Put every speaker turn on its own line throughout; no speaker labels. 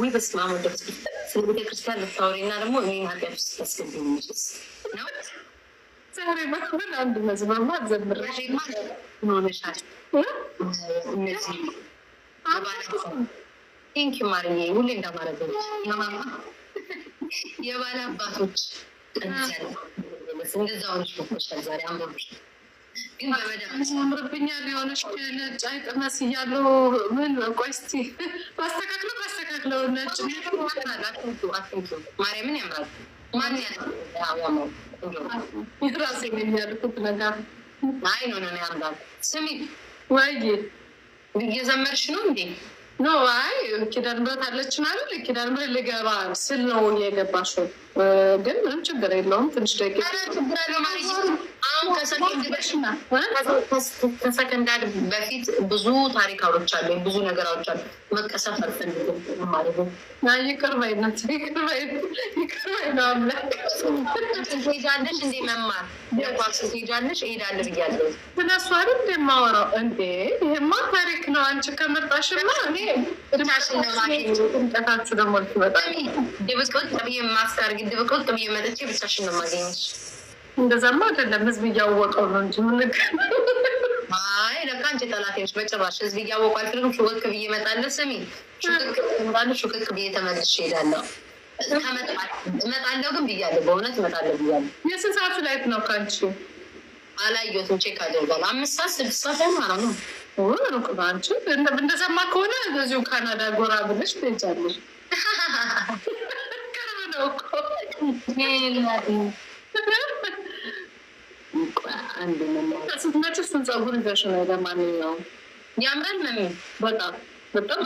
ወይ በስመ አብ ወወልድ ልታወሪ እና ደግሞ ውስጥ ነው። ዛሬ ማክበር አንድ መዝማማ ሆነሻል። እነዚህ ቴንኪ ማርዬ፣ ሁሌ የባለ አባቶች እንደዛ ዛሬ አምሮብሻል።
ያምርብኛል የሆነች ነጭ አይቅመስ እያለው ምን ማስተካክለው ማስተካክለው ነጭ
ማርያምን ያምራል።
ራሴ የሚያልኩት ነገር
አይ ያምራል። ስሚ ወይ እየዘመርሽ ነው እንዴ?
ኖ አይ ኪዳን ብረት አለችን አለ ኪዳን ብረት ልገባ ስል ነው የገባሽው ግን ምንም ችግር የለውም። ትንሽ ደቂቃ
ከሰከንዳድ በፊት ብዙ ታሪክ አውሮች አለ ብዙ ነገር አውሮች አለ መቀሰፍ ትሄጃለሽ እንዴ መማር ትሄጃለሽ እሄዳለሁ ብያለሁ።
ስለሱ አይደል እንደማወራው እንዴ ይሄማ ታሪክ ነው። አንቺ ከመጣሽማ እኔ
ድምጣችሁ ደግሞ ልትመጣ ድብቅ ብዬ ማስታርግ ግድ በቀል ቅም እየመጠች ብቻሽን ነው የማገኘሽ።
እንደዛማ አይደለም፣ ህዝብ እያወቀው ነው እንጂ ምንግ
አይ ለካ አንቺ ጠላቴዎች በጭራሽ ህዝብ እያወቁ አልፈልግም። ሹክክ ብዬ እመጣለሁ። ስሚ ሹክክ ሹክክ ብዬ ተመልሼ እሄዳለሁ። እመጣለሁ ግን ብያለሁ፣ በእውነት እመጣለሁ ብያለሁ።
የስንት ሰዓት ላይት ነው ከአንቺ?
አላየሁትም፣ ቼክ አደርጋለሁ። አምስት ሰዓት ስድስት ሰዓት ማለት ነው።
እንደሰማ ከሆነ እዚሁ ካናዳ ጎራ ብለሽ ትሄጃለሽ። ነው እኮ ስናች እሱን ጸጉር ይዘሽ ነው። ለማንኛውም
ያምራል ነው በጣም በጣም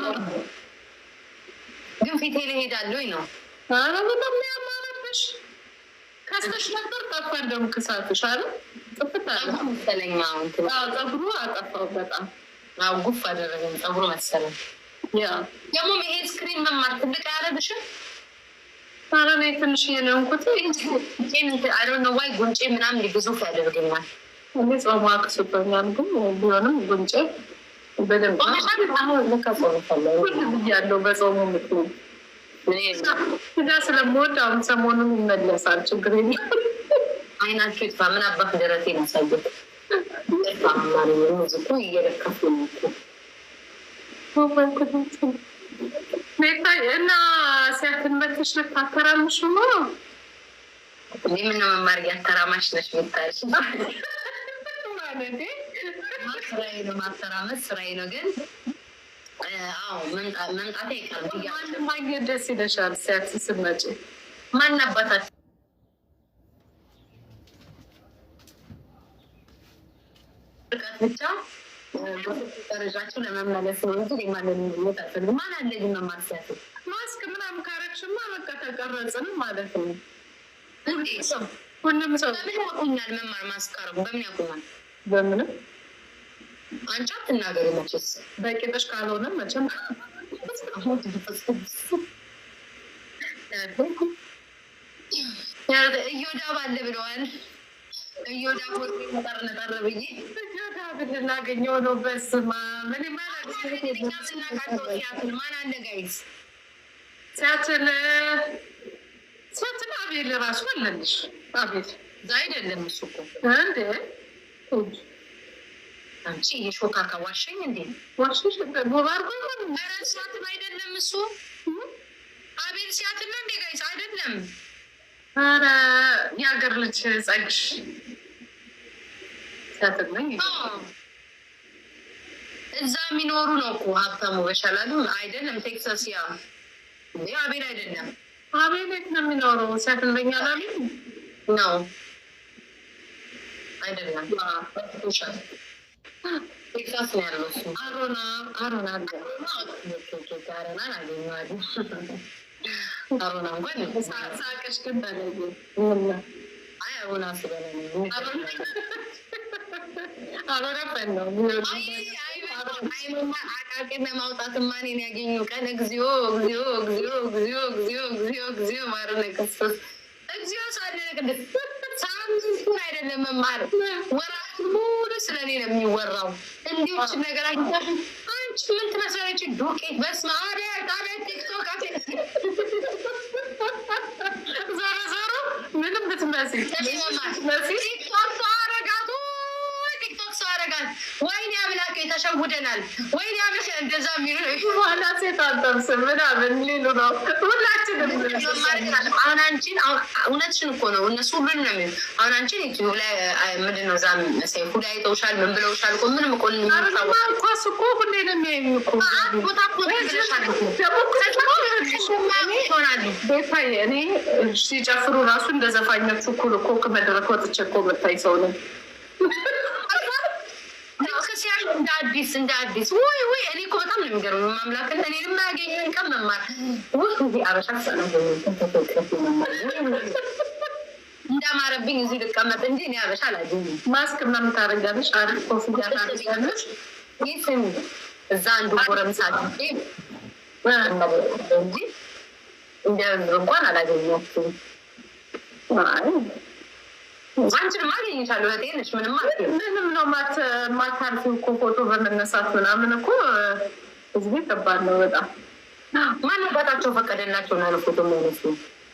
ግን ፊቴ ልሄዳለሁ ነው።
ኧረ በጣም ያማረብሽ ከስተሽ ነበር ጠፋ። እንደውም ክሳትሽ አለ
ጸጉሩ አጠፋው በጣም ጉፍ አደረገኝ። ጸጉሩ መሰለኝ ደግሞ ይሄ ስክሪን መማር ትልቅ አያረግሽም?
ኧረ ትንሽ የለንኩት
ዋይ ጉንጬ ምናምን ግዙፍ ያደርገኛል።
ጾሙ አቅሱቶኛል፣ ግን ቢሆንም ጉንጬ በደንብ
በጾሙ ምክንያት
ስጋ ስለምወድ አሁን ሰሞኑን ይመለሳል። ችግር የለም።
አይናችሁ ይጥፋ። ምን አባት ደረቴ ናሳየት እየለከፉ
እና ሲያትን መጥሽ ልታተራምሽ ነው
ምን መማር እያተራማሽ ነች ምታሽ ስራዬ ነው ማተራመስ ስራዬ ነው ግን አዎ መምጣቴ አይቀርም
ማግኘት ደስ ይለሻል ሲያትን ስትመጪ ማን አባታት
ብቻ ደረጃቸው ለመመለስ ነው እንጂ የማንን ሞት አልፈልግ ማን አለኝ መማርሲያት ማስክ ምናምን ካረግሽማ በቃ ተቀረጽን ማለት ነው። ሁሉም ሰው በምን ያውቁኛል? መማር ማስክ አረጉ በምን ያውቁኛል? በምንም አንቺ አትናገሪ። መቼስ በቂጠሽ ካልሆነ መቼም እዮዳብ አለ ብለዋል። እዮዳብ ወር ነጠር ነጠር ብዬ
እንድናገኘው ነው። በስመ አብ ማን አለ ጋይዝ ሲያትል ሲያትል አቤል ራሱ አለልሽ። አቤል
እዛ አይደለም እሱ እኮ እንደ አንቺ የሾካ ከዋሸኝ እንዴ ዋሸሽ
ቦባርጎ ኧረ ሲያትል አይደለም
እሱ አቤል ሲያትል እንዴ ጋይዝ አይደለም።
ኧረ የሀገር ልጅ ጸግሽ
እዛ የሚኖሩ ነው እኮ ሀብታሙ በሻላሉ አይደለም። ቴክሳስ ያ አቤል አይደለም።
አቤል ነው የሚኖረው? ሲያትንበኛ ላሉ
ነው አይደለም። ቴክሳስ ነው ያለው አሮና አሮና አሮና አሮና አበረፈን ነው አቃቂም የማውጣትማ ቀን እግዚኦ እግዚኦ እግዚኦ እግዚኦ እግዚኦ እግዚኦ እግዚኦ ማርነ ክርስቶስ እግዚኦ ሳምንቱን አይደለም መማር ወራት ሙሉ ነው የሚወራው። እንዲዎች ነገር አንቺ ምን ትመስላለች ዱቄት በስመ አብ ቃለ ቲክቶክ
ዞሮ ዞሮ ምንም ብትመስል
ተሸውደናል። ወይ ያበሽ እንደዛ የሚሉ ዋና ሴት አጠብስ ምናምን ሊሉ ነው። ሁላችንም አሁን አንቺን እውነትሽን እኮ ነው እነሱ ሁሉን ነው የሚሉ አሁን አንቺን ምንድን ነው ዛም ሰይፉ ላይ ተውሻል፣ ምን ብለውሻል እኮ ምንም እኮ ኳስ እኮ ሁሌ ነው የሚያዩቁታሆናሉ ቤታዬ እኔ ሲጨፍሩ ራሱ እንደ ዘፋኞቹ እኩል እኮ ከመድረክ ወጥቼ እኮ መታይ ሰው ነው እንደ አዲስ እንደ አዲስ ወይ ወይ እኔ እኮ በጣም ነው የሚገርመው። ማምላክ እኔ የማያገኘን ቀን መማር ወይ እዚህ አበሻ እንዳማረብኝ እዚህ ልቀመጥ እንጂ እኔ አበሻ አላገኝ ማስክ ማምታረጋለች አሪፍ ኮፍያ ታረጋለች። ይህ ስም እዛ አንዱ ጎረምሳ እንጂ እንደ እንኳን አላገኘሁም አንቺንማ አገኝሻለሁ እህቴ ምንም ምንም ነው ማታልፊ እኮ ፎቶ በመነሳት ምናምን እኮ እዚህ ከባድ ነው በጣም። ማን አባታቸው ፈቀደላቸው ፎቶ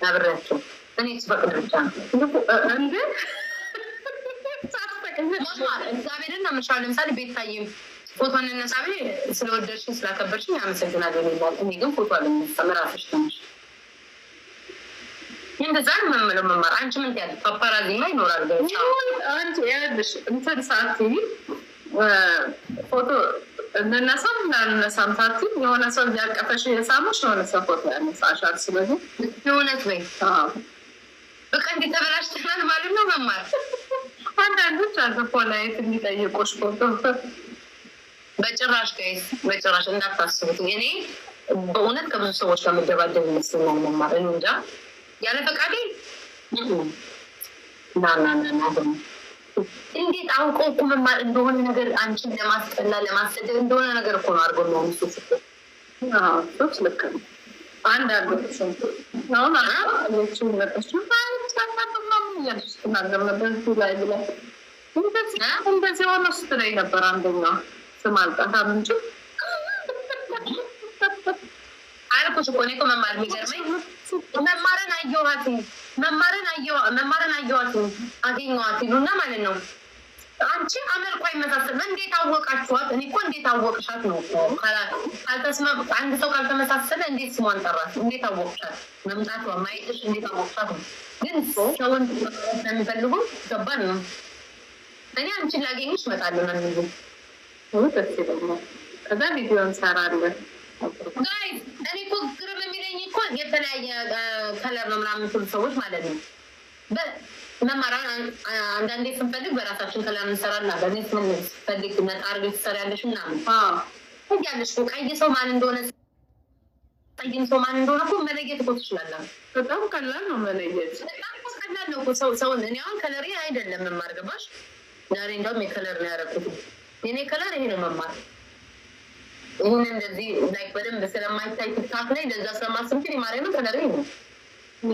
አብሬያቸው እኔ ስፈቅድ ብቻ ነው እንደ እግዚአብሔርን ለምሳሌ ቤታዬም ፎቶ እንነሳ ስለወደድሽኝ ስላከበርሽኝ አመሰግናለሁ ይላል። እኔ ግን ፎቶ ትንሽ እንደዛን መምለው መማር አንቺ ምን ያለ ፓፓራዚ ማ ይኖራል። አንቺ ያለሽ እንትን ሰዓት ፎቶ እንነሳም ላልነሳም ሳት የሆነ ሰው እያቀፈሽ የሳሞች የሆነ ሰው ፎቶ ያነሳሻል። ስለዚህ የእውነት ወይ በቃ እንዲ ተበላሽተናል ማለት ነው መማር። አንዳንዶች አዘፎ ላየት የሚጠይቁሽ ፎቶ በጭራሽ ጋይስ በጭራሽ እንዳታስቡት። እኔ በእውነት ከብዙ ሰዎች ከመደባደብ ይመስለኛል መማር እንጃ ያለ ፈቃዴ እንዴት አውቆ ቁምማ እንደሆነ ነገር አንቺን ለማስጠላ ለማሰደብ እንደሆነ ነገር እኮ ነው አድርጎ ነው ሱ እንደዚህ የሆነ ስትለኝ ነበር። አንደኛዋ ስም አልጣት ምንጭ አልኩሽ እኮ እኔ እኮ መማር የሚገርመኝ መማርን አየኋት መማርን መማርን አየኋት አገኘኋት ይሉና ማለት ነው። አንቺ አመልኮ አይመሳሰልም። እንዴት አወቃችኋት? እኔ እኮ እንዴት አወቅሻት ነው። ካልተስማ አንድ ሰው ካልተመሳሰለ እንዴት ስሟን ጠራት? እንዴት አወቅሻት? መምጣቷ ማየትሽ እንዴት አወቅሻት ነው። ግን ሰውን ለሚፈልጉ ገባን ነው። እኔ አንቺን ላገኝሽ እመጣለሁ ነው የሚሉ ደስ ይለኛል። ከዛ ቪዲዮ እንሰራለን። እኔ እኮ የተለያየ ከለር ነው ምናምን የሚሉ ሰዎች ማለት ነው። መማራን አንዳንዴ ስንፈልግ በራሳችን ከለር እንሰራና በኔት ምን ስፈልግ ነጣ ትሰር ትሰሪያለሽ ምናምን ያለሽ ቀይ ሰው ማን እንደሆነ ቀይም ሰው ማን እንደሆነ እኮ መለየት እኮ ትችላለን። በጣም ቀላል ነው መለየት፣ ቀላል ነው ሰው ሰውን። እኔ አሁን ከለሬ አይደለም መማር ገባሽ? ዛሬ እንደውም የከለር ነው ያደረኩት። የኔ ከለር ይሄ ነው መማር ይህን እንደዚህ በደንብ ስለማይታይ ትክታክ ላይ ለዛ ስለማስብ ግን የማርያምን ከለር ነው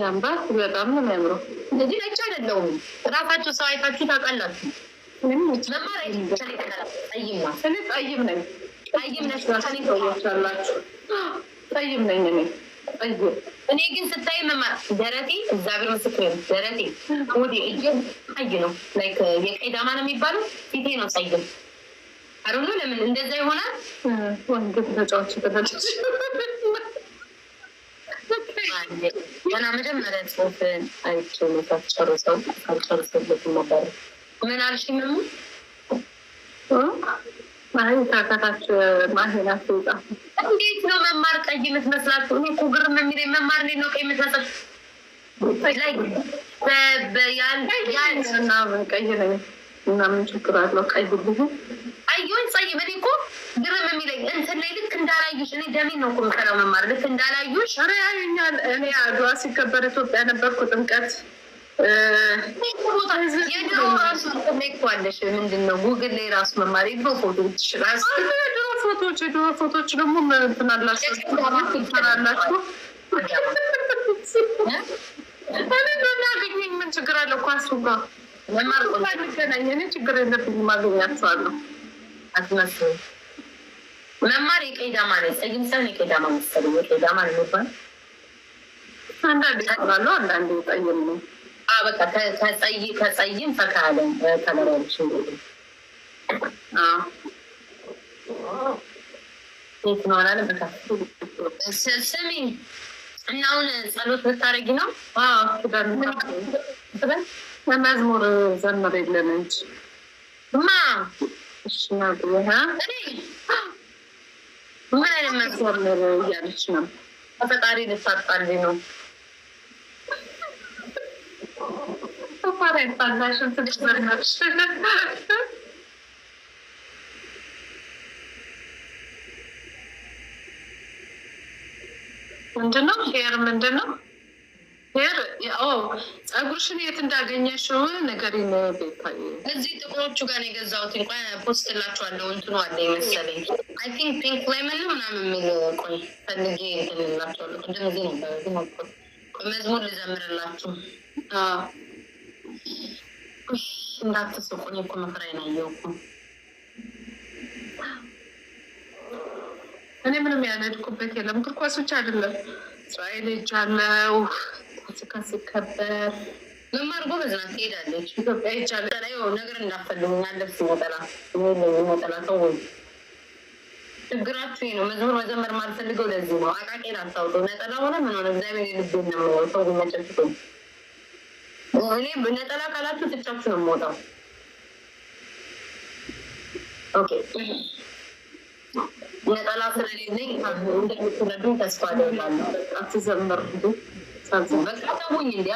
ያምራት በጣም ነው የሚያምረው። እንደዚህ ነጭ አይደለውም። ራሳቸው ሰው አይታችሁ ታውቃላችሁ። ጠይም ነኝ ነኝ እኔ ግን ስታይ መማ ደረቴ እግዚአብሔር ምስክር ደረቴ ወዲ እጅ ቀይ ነው። ላይክ የቀይ ዳማ ነው የሚባለው ፊቴ ነው ጠይም አሮኖ ለምን እንደዛ ይሆናል? ወንጌል ተጫዋች ተፈለች ገና መጀመሪያ ጽሁፍ ነበር። ምን አልሽ? ምሙ እንዴት ነው መማር ቀይ የምትመስላችሁ? እኔ እኮ ግርም የሚለኝ መማር እንዴት ነው ቀይ የምትመስላችሁ? ቀይ ነው ችግር አለው? ቀይ ብዙ አየሁኝ ጸይብ እኔ እኮ ግርም የሚለኝ እንትን ላይ ልክ እንዳላዩሽ እኔ ደሜን ነው እኮ መማር ልክ እንዳላዩሽ ያዩኛል። እኔ አድዋ ሲከበር ኢትዮጵያ ነበርኩ። ጥምቀት የድሮ ራሱ ጉግል ላይ ራሱ የድሮ ደግሞ ምን ችግር አለው? ኳሱ እኔ ችግር አትመስሉ። መማር የቄዳማ ነው። ጸጊም ሳይሆን የቄዳማ መሰለኝ። የቄዳማ ነው የሚባለው አንዳንድ ይቀራሉ፣ አንዳንድ ጠይም ነው። በቃ ከጸይም ፈካ አለ ተመራዎች ትኖራለ። በቃ ስሚ እና አሁን ጸሎት ብታደረጊ ነው መዝሙር ዘመር የለም እንጂ ማ እያለችና ብሎና ምን እያለች ነው። ከፈጣሪ ልታጣል ነው ምንድን ነው ምንድን ነው ሄር ጸጉርሽን የት እንዳገኘሽው እዚህ ጥቁሮቹ ጋር የገዛሁት እንኳን ፖስት ላችኋለሁ። እንትኑ አለ መሰለኝ አይ ቲንክ ፒንክ ሌመን ምናምን የሚል ቆይ ፈልጌ ቅድም መዝሙር ልዘምርላችሁ እንዳትስቁኝ እኮ ናየው እኮ እኔ ምንም ያነድኩበት የለም። ትርኳሶች አይደለም እስራኤል ሄጃለሁ። ፖለቲካ ሲከበር መማር ጎበዝ ናት፣ ትሄዳለች። ኢትዮጵያ ይቻለ ላይ ነገር እንዳፈልጉኛል ልብስ ይመጠላ ይመጠላ ሰው ወይ ችግራችሁ ነው። መዝሙር መዘመር ማልፈልገው ለዚህ ነው። አቃቄ አታውጡ። ነጠላ ሆነ ምን ሆነ እግዚአብሔር ልብ ነምለው ሰው መጨልፍ እኔ ነጠላ ካላችሁ ትቻችሁ ነው የምወጣው። ነጠላ ስለሌለኝ እንደምትወዱኝ ተስፋ አደርጋለሁ። አትዘምር ለጥቢያ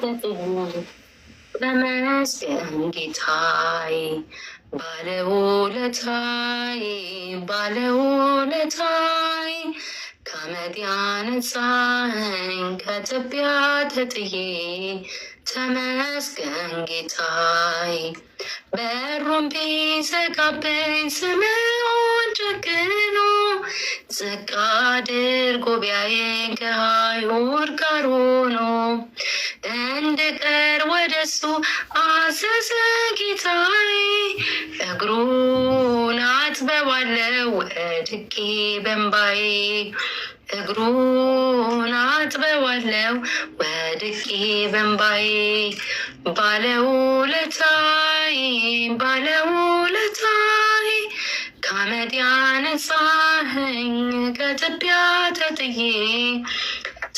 ተጥዩ በመስገን ጌታይ ባለውለታይ ባለውለታይ ከአመድ ያነጻኝ ከትቢያ ተጥዬ ተመስገን ጌታይ። በሩን ቢዘጋብኝ ስምዖን ጨክኖ ዝቅ አድርጎ ቢያየኝ ከአይሁድ ጋር ሆኖ እንድቀር ወደሱ አዘዘ ጌታይ እግሩና አጥበባለው ወድቄ በንባዬ እግሩን አጥበባለው ወድቄ በንባዬ ባለውለታይ ባለውለታይ ከአመድ ያነጻኸኝ ከትቢያ ተጥዬ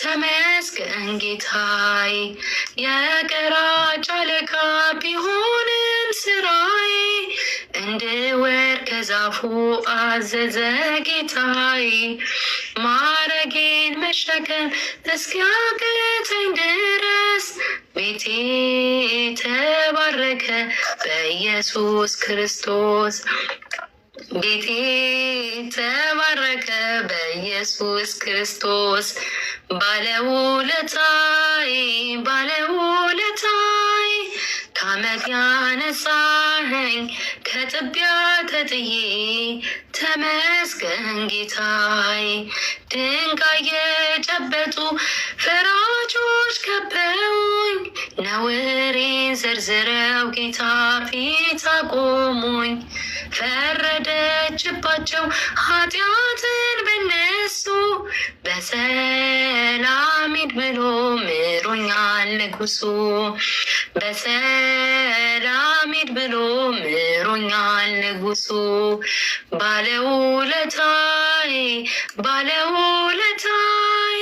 ተመስገን ጌታይ የቀራጭ አለቃ ቢሆንም ስራዬ እንድ ዛፉ አዘዘ ጌታዬ ማረጌን መሸከም እስኪያቅተኝ ድረስ ቤቴ ተባረከ በኢየሱስ ክርስቶስ ቤቴ ተባረከ በኢየሱስ ክርስቶስ ባለውለታይ ባለውለታይ ከአመት ያነሳ አዳነኝ ከጥቢያ ተጥዬ ተመስገን ጌታይ ድንጋይ የጨበጡ ፈራጆች ከበውኝ ነውሬን ዘርዝረው ጌታ ፊት አቆሙኝ። ፈረደችባቸው ኃጢአትን በነሱ በሰላም ሂድ ብሎ ምሮኛል ንጉሱ። በሰላም ሂድ ብሎ ምሮኛል ንጉሱ ባለውለታይ ባለውለታይ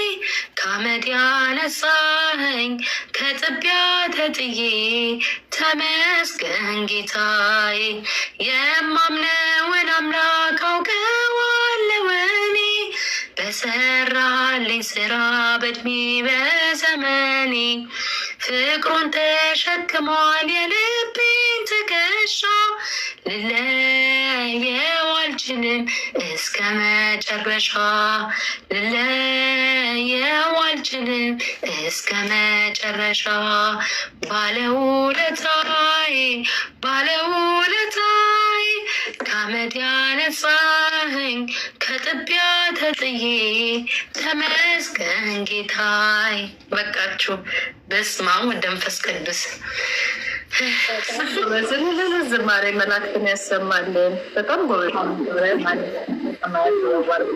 ከአመድ ያነሳኸኝ ከጥቢያ ተጥዬ ተመስገን ጌታይ የማምነውን አምላክ አውቀዋለሁ እኔ በሰራልኝ ስራ በእድሜ በዘመኔ ፍቅሩን ተሸክሟል የልቤን ትከሻ ልለየው አልችልም እስከ መጨረሻ ልለየው አልችልም እስከ መጨረሻ ባለውለታዬ ባለውለታ አመት ያነሳኸኝ ከጥቢያ ተጥዬ ተመስገን ጌታይ። በቃችሁ። በስመ አብ ወወልድ ወመንፈስ ቅዱስ። ዝማሬ መላእክትን ያሰማልን። በጣም ጎበዝ ዝማሬ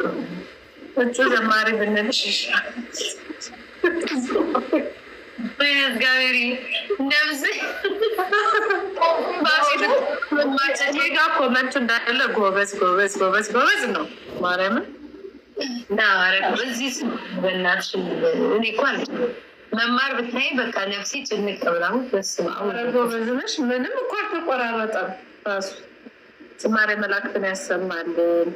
ዘማሪ ብንልሽ ኮመንቱ እንዳለ ጎበዝ ጎበዝ ጎበዝ ጎበዝ ነው። ማርያምን መማር ብታይ በቃ ነፍሴ ጭንቅ ብላሁ በስመ አብ ጎበዝ ነሽ። ምንም እኮ አልተቆራረጠም። ራሱ ዝማሬ መላእክትን ያሰማልን።